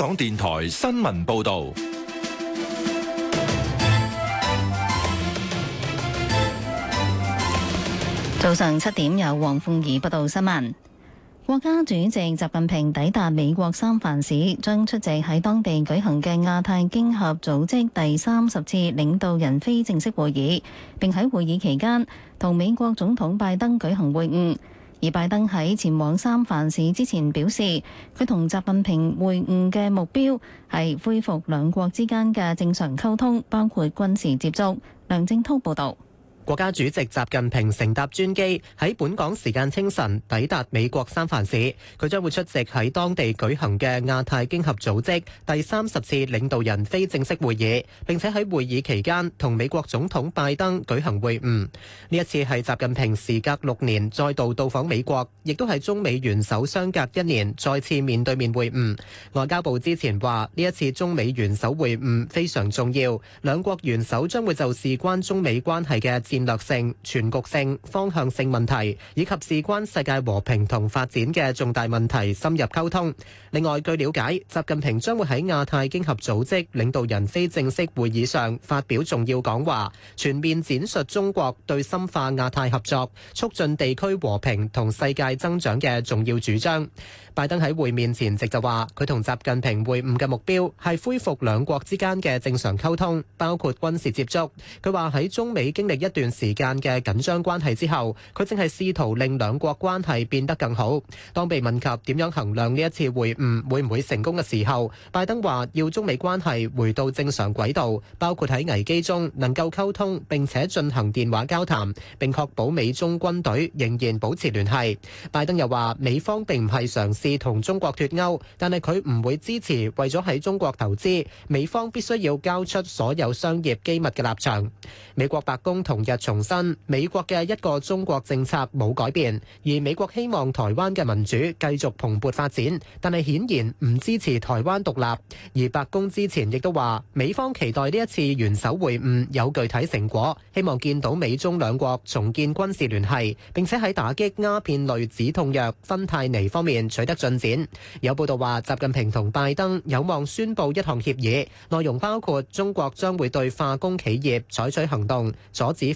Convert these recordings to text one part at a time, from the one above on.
港電台新聞報道：早上七點有黃鳳儀報道新聞。國家主席習近平抵達美國三藩市，將出席喺當地舉行嘅亞太經合組織第三十次領導人非正式會議，並喺會議期間同美國總統拜登舉行會晤。而拜登喺前往三藩市之前表示，佢同習近平會晤嘅目標，係恢復兩國之間嘅正常溝通，包括軍事接觸，梁正濤報道。國家主席習近平乘搭專機喺本港時間清晨抵達美國三藩市，佢將會出席喺當地舉行嘅亞太經合組織第三十次領導人非正式會議，並且喺會議期間同美國總統拜登舉行會晤。呢一次係習近平時隔六年再度到訪美國，亦都係中美元首相隔一年再次面對面會晤。外交部之前話，呢一次中美元首會晤非常重要，兩國元首將會就事關中美關係嘅。戰略性、全局性、方向性問題以及事關世界和平同發展嘅重大問題深入溝通。另外，據了解，習近平將會喺亞太經合組織領導人非正式會議上發表重要講話，全面闡述中國對深化亞太合作、促進地區和平同世界增長嘅重要主張。拜登喺會面前夕就話，佢同習近平會晤嘅目標係恢復兩國之間嘅正常溝通，包括軍事接觸。佢話喺中美經歷一段。段時間嘅緊張關係之後，佢正係試圖令兩國關係變得更好。當被問及點樣衡量呢一次會晤會唔會成功嘅時候，拜登話要中美關係回到正常軌道，包括喺危機中能夠溝通，並且進行電話交談，並確保美中軍隊仍然保持聯繫。拜登又話美方並唔係嘗試同中國脫鈎，但係佢唔會支持為咗喺中國投資，美方必須要交出所有商業機密嘅立場。美國白宮同。日重申，美國嘅一個中國政策冇改變，而美國希望台灣嘅民主繼續蓬勃發展，但係顯然唔支持台灣獨立。而白宮之前亦都話，美方期待呢一次元首會晤有具體成果，希望見到美中兩國重建軍事聯繫，並且喺打擊鴉片類止痛藥芬太尼方面取得進展。有報道話，習近平同拜登有望宣布一項協議，內容包括中國將會對化工企業採取行動，阻止。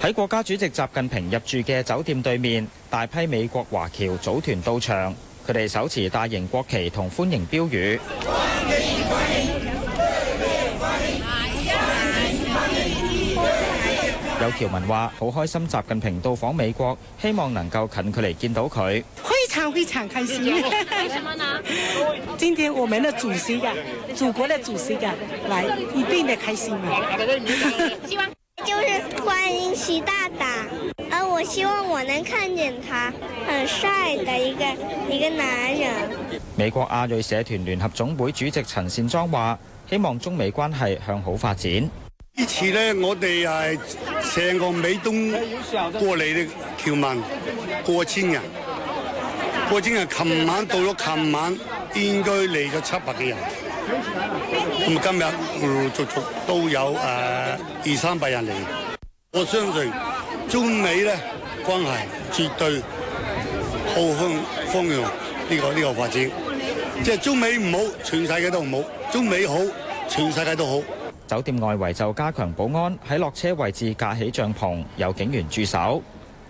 喺國家主席習近平入住嘅酒店對面，大批美國華僑組團到場，佢哋手持大型國旗同歡迎標語。有僑民話：好開心習近平到訪美國，希望能夠近距離見到佢。非常非常開心，為什麼呢？今天我們的主席嘅，祖國的主席嘅，來一定的開心啊！希望。就是歡迎習大大，啊！我希望我能看見他，很帥的一個一個男人。美國亞裔社團聯合總會主席陳善莊話，希望中美關係向好發展。呢次呢，我哋係成個美東過嚟的僑民過千人，過千人琴晚到咗，琴晚應該嚟咗七百幾人。咁今日陸陸續續都有誒二三百人嚟，我相信中美咧關係絕對好風向方向呢個呢個發展。即係中美唔好，全世界都唔好；中美好，全世界都好。酒店外圍就加強保安，喺落車位置架起帳篷，有警員駐守。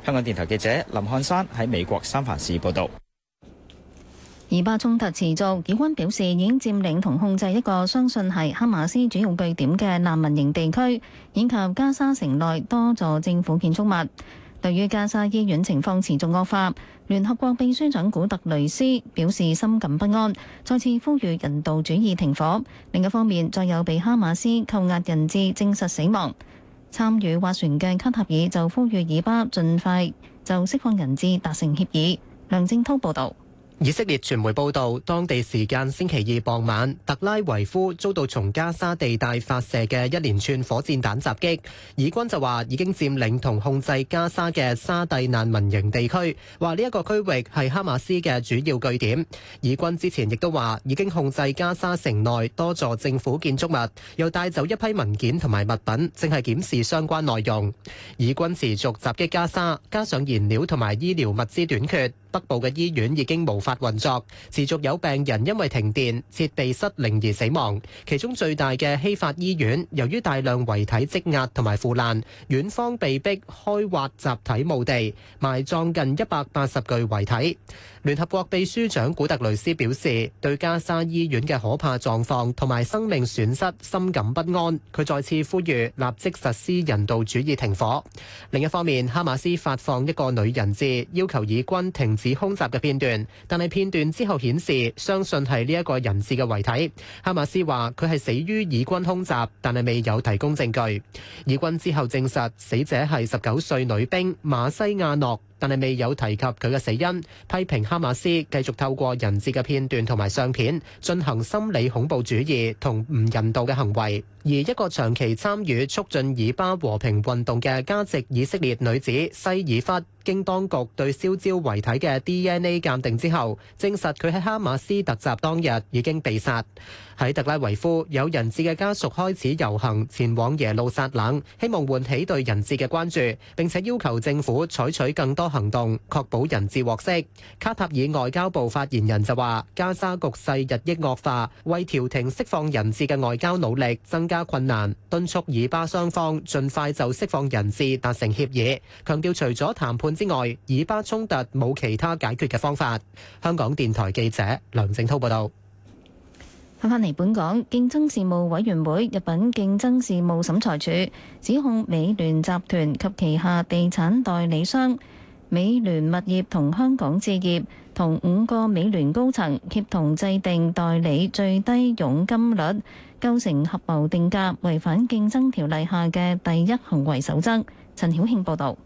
香港電台記者林漢山喺美國三藩市報導。以巴衝突持續，以軍表示已佔領同控制一個相信係哈馬斯主要據點嘅難民營地區，以及加沙城內多座政府建築物。對於加沙醫院情況持續惡化，聯合國秘書長古特雷斯表示深感不安，再次呼籲人道主義停火。另一方面，再有被哈馬斯扣押人質證實死亡。參與斡旋嘅卡塔爾就呼籲以巴盡快就釋放人質達成協議。梁正滔報導。以色列傳媒報道，當地時間星期二傍晚，特拉維夫遭到從加沙地帶發射嘅一連串火箭彈襲擊。以軍就話已經佔領同控制加沙嘅沙蒂難民營地區，話呢一個區域係哈馬斯嘅主要據點。以軍之前亦都話已經控制加沙城內多座政府建築物，又帶走一批文件同埋物品，正係檢視相關內容。以軍持續襲擊加沙，加上燃料同埋醫療物資短缺。北部嘅醫院已經無法運作，持續有病人因為停電、設備失靈而死亡。其中最大嘅希法醫院，由於大量遺體積壓同埋腐爛，院方被迫開挖集體墓地，埋葬近一百八十具遺體。聯合國秘書長古特雷斯表示，對加沙醫院嘅可怕狀況同埋生命損失深感不安。佢再次呼籲立即實施人道主義停火。另一方面，哈馬斯發放一個女人質，要求以軍停止空襲嘅片段，但係片段之後顯示，相信係呢一個人質嘅遺體。哈馬斯話佢係死於以軍空襲，但係未有提供證據。以軍之後證實死者係十九歲女兵馬西亞諾。但係未有提及佢嘅死因，批評哈馬斯繼續透過人質嘅片段同埋相片進行心理恐怖主義同唔人道嘅行為，而一個長期參與促進以巴和平運動嘅加籍以色列女子西爾弗。經當局對燒焦遺體嘅 DNA 鑑定之後，證實佢喺哈馬斯突襲當日已經被殺。喺特拉維夫，有人質嘅家屬開始遊行前往耶路撒冷，希望喚起對人質嘅關注，並且要求政府採取更多行動，確保人質獲釋。卡塔爾外交部發言人就話：加沙局勢日益惡化，為調停釋放人質嘅外交努力增加困難，敦促以巴雙方盡快就釋放人質達成協議，強調除咗談判之外，以巴衝突冇其他解決嘅方法。香港電台記者梁靜濤報道。翻返嚟本港，競爭事務委員會入稟競爭事務審裁處指控美聯集團及旗下地產代理商美聯物業同香港置業同五個美聯高層協同制定代理最低佣金率，構成合謀定價，違反競爭條例下嘅第一行為守則。陳曉慶報導。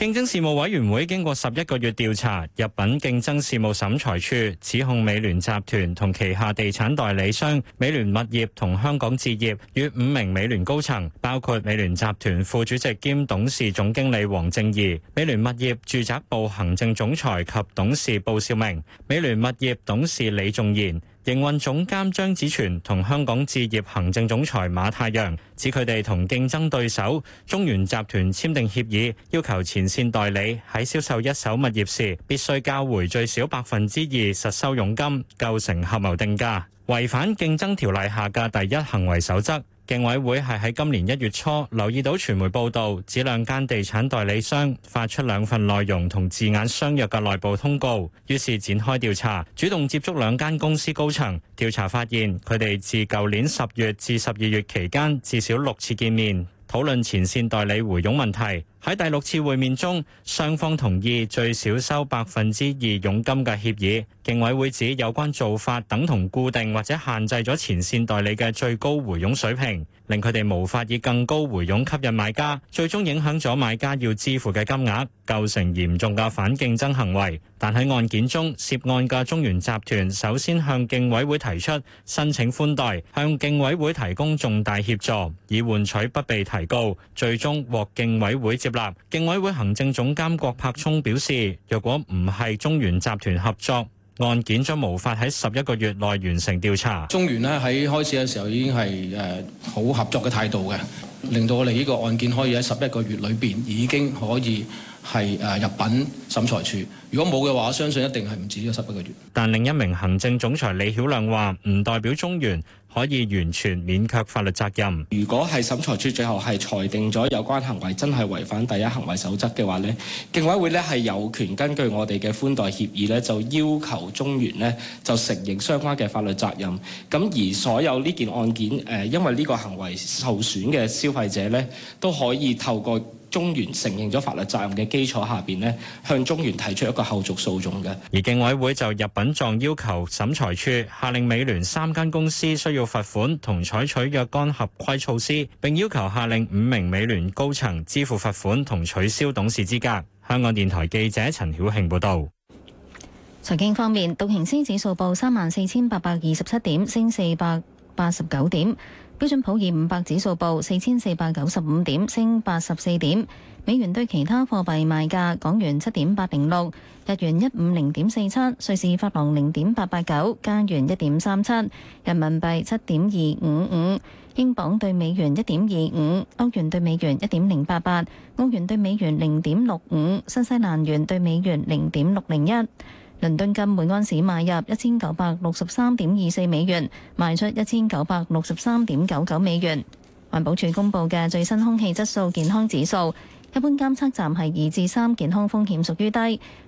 競爭事務委員會經過十一個月調查，入稟競爭事務審裁處，指控美聯集團同旗下地產代理商美聯物業同香港置業與五名美聯高層，包括美聯集團副主席兼董事總經理黃靜怡、美聯物業住宅部行政總裁及董事布少明、美聯物業董事李仲賢。營運總監張子全同香港置業行政總裁馬太陽指，佢哋同競爭對手中原集團簽訂協議，要求前線代理喺銷售一手物業時，必須交回最少百分之二實收佣金，構成合謀定價，違反競爭條例下嘅第一行為守則。競委會係喺今年一月初留意到傳媒報道，指兩間地產代理商發出兩份內容同字眼相若嘅內部通告，於是展開調查，主動接觸兩間公司高層，調查發現佢哋自舊年十月至十二月期間至少六次見面，討論前線代理回佣問題。喺第六次會面中，雙方同意最少收百分之二佣金嘅協議。競委會指有關做法等同固定或者限制咗前線代理嘅最高回傭水平，令佢哋無法以更高回傭吸引買家，最終影響咗買家要支付嘅金額，構成嚴重嘅反競爭行為。但喺案件中，涉案嘅中原集團首先向競委會提出申請寬待，向競委會提供重大協助，以換取不被提告，最終獲競委會接。立競委會行政總監郭柏聰表示：若果唔係中原集團合作，案件將無法喺十一個月內完成調查。中原呢，喺開始嘅時候已經係誒好合作嘅態度嘅，令到我哋呢個案件可以喺十一個月裏面已經可以。係誒入稟審裁處，如果冇嘅話，我相信一定係唔止咗十一個月。但另一名行政總裁李曉亮話：唔代表中原可以完全免卻法律責任。如果係審裁處最後係裁定咗有關行為真係違反第一行為守則嘅話呢，競委會呢係有權根據我哋嘅寬待協議呢，就要求中原呢就承認相關嘅法律責任。咁而所有呢件案件誒、呃，因為呢個行為受損嘅消費者呢，都可以透過。中原承認咗法律責任嘅基礎下邊呢，向中原提出一個後續訴訟嘅。而競委會就入品狀要求審裁處下令美聯三間公司需要罰款同採取若干合規措施，並要求下令五名美聯高層支付罰款同取消董事資格。香港電台記者陳曉慶報導。財經方面，道瓊斯指數報三萬四千八百二十七點，升四百八十九點，標準普爾五百指數報四千四百九十五點，升八十四點。美元對其他貨幣賣價，港元七點八零六，日元一五零點四七，瑞士法郎零點八八九，加元一點三七，人民幣七點二五五，英鎊對美元一點二五，歐元對美元一點零八八，澳元對美元零點六五，新西蘭元對美元零點六零一。倫敦金每安士買入一千九百六十三點二四美元，賣出一千九百六十三點九九美元。環保署公布嘅最新空氣質素健康指數，一般監測站係二至三，健康風險屬於低；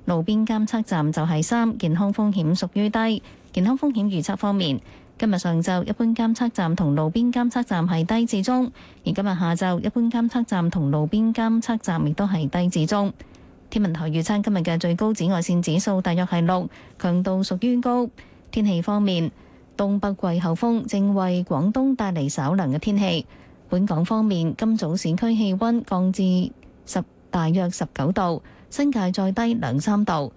路邊監測站就係三，健康風險屬於低。健康風險預測方面，今日上晝一般監測站同路邊監測站係低至中，而今日下晝一般監測站同路邊監測站亦都係低至中。天文台預測今日嘅最高紫外線指數大約係六，強度屬於高。天氣方面，東北季候風正為廣東帶嚟稍涼嘅天氣。本港方面，今早市區氣温降至十，大約十九度，新界再低兩三度。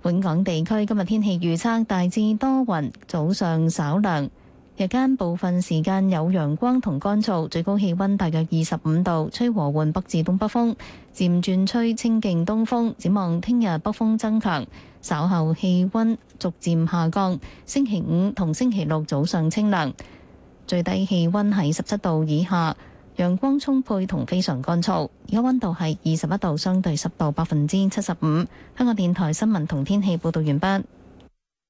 本港地區今日天氣預測大致多雲，早上稍涼。日間部分時間有陽光同乾燥，最高氣溫大約二十五度，吹和緩北至東北風，漸轉吹清勁東風。展望聽日北風增強，稍後氣溫逐漸下降。星期五同星期六早上清涼，最低氣溫喺十七度以下，陽光充沛同非常乾燥。而家溫度係二十一度，相對濕度百分之七十五。香港電台新聞同天氣報道完畢。